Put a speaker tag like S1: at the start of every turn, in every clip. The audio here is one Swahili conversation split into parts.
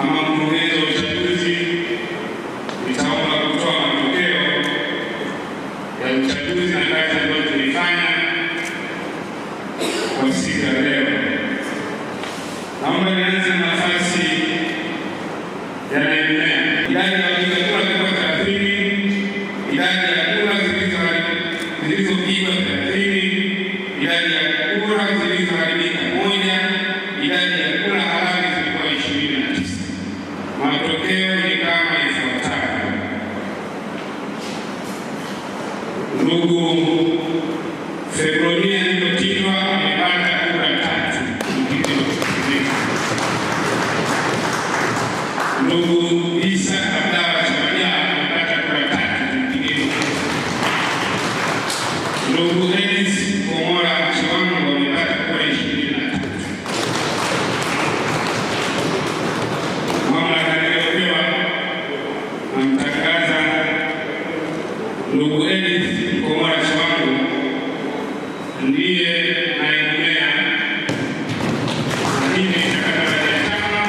S1: ama mkurugenzi wa uchaguzi nitaomba kutoa matokeo ya uchaguzi na kazi ambayo tulifanya kwa siku ya leo. Naomba nianze na nafasi yanaendelea. Idadi ya wapiga kura ilikuwa thelathini. Idadi ya kura zilizopigwa thelathini. Idadi ya kura zilizoharibika moja. Idadi ya wenyewe kama ifuatavyo. Ndugu ndugu Edith Komora Chwalo ndiye naibu meya, lakini takataraja chama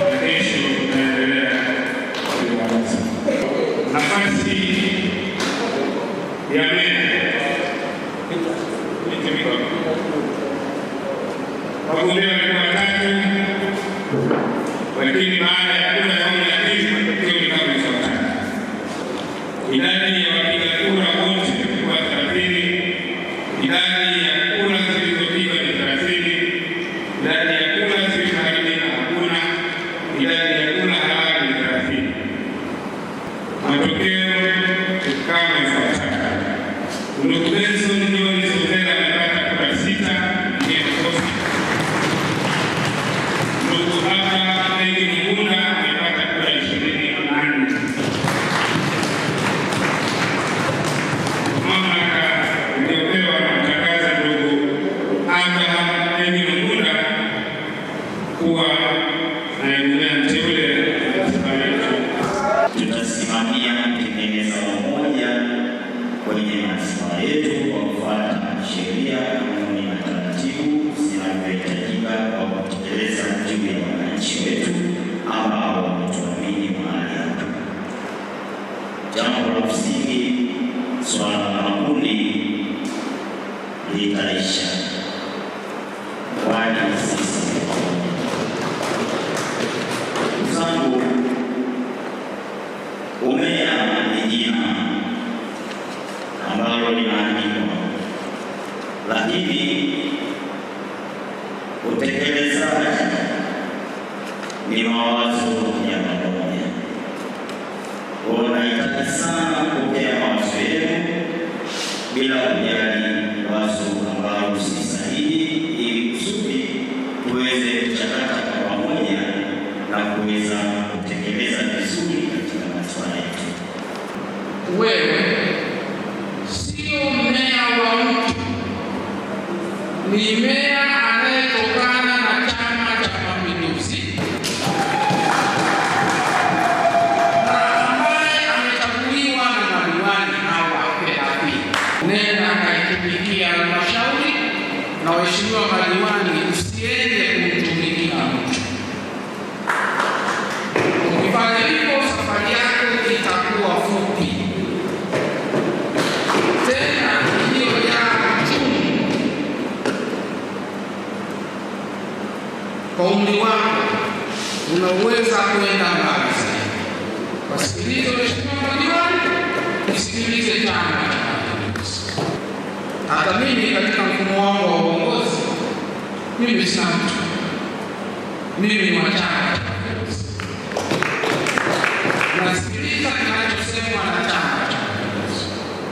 S1: na kesho naendelea kuitangaza nafasi ya meya wagombea walikuwa watatu, lakini baada ya kura Να ποτέ κάνει αυτά. Ούτε
S2: kusimamia kutengeneza umoja kwenye manispaa yetu kwa kufuata sheria, kanuni na taratibu zinazohitajika kwa kutekeleza juu ya wananchi wetu ambao wametuamini mahali hapa. Jambo la msingi, swala la makundi litaisha. ambalo linaandikwa, lakini utekelezaji ni mawazo ya pamoja. Unahitaji sana kupokea mawazo yenu bila kujali wazo ambalo si sahihi, ili kusudi tuweze kuchakata kwa pamoja na kuweza kutekeleza vizuri katika maswala yetu.
S3: Wewe ni meya anayetokana na Chama cha Mapinduzi na ambaye amechaguliwa na madiwani hawa thelathini. Nenda akaitumikia halmashauri na waheshimiwa madiwani, usiende kumtumikia mtu. Ukifanya hivyo, safari yako itakuwa fupi. kwa umri wako unaweza kwenda mbali zaidi. Wasikilize waheshimiwa madiwani, usikilize chama cha mapinduzi. Hata mimi katika mfumo wangu wa uongozi, mimi si mtu, mimi ni wa chama cha mapinduzi, nasikiliza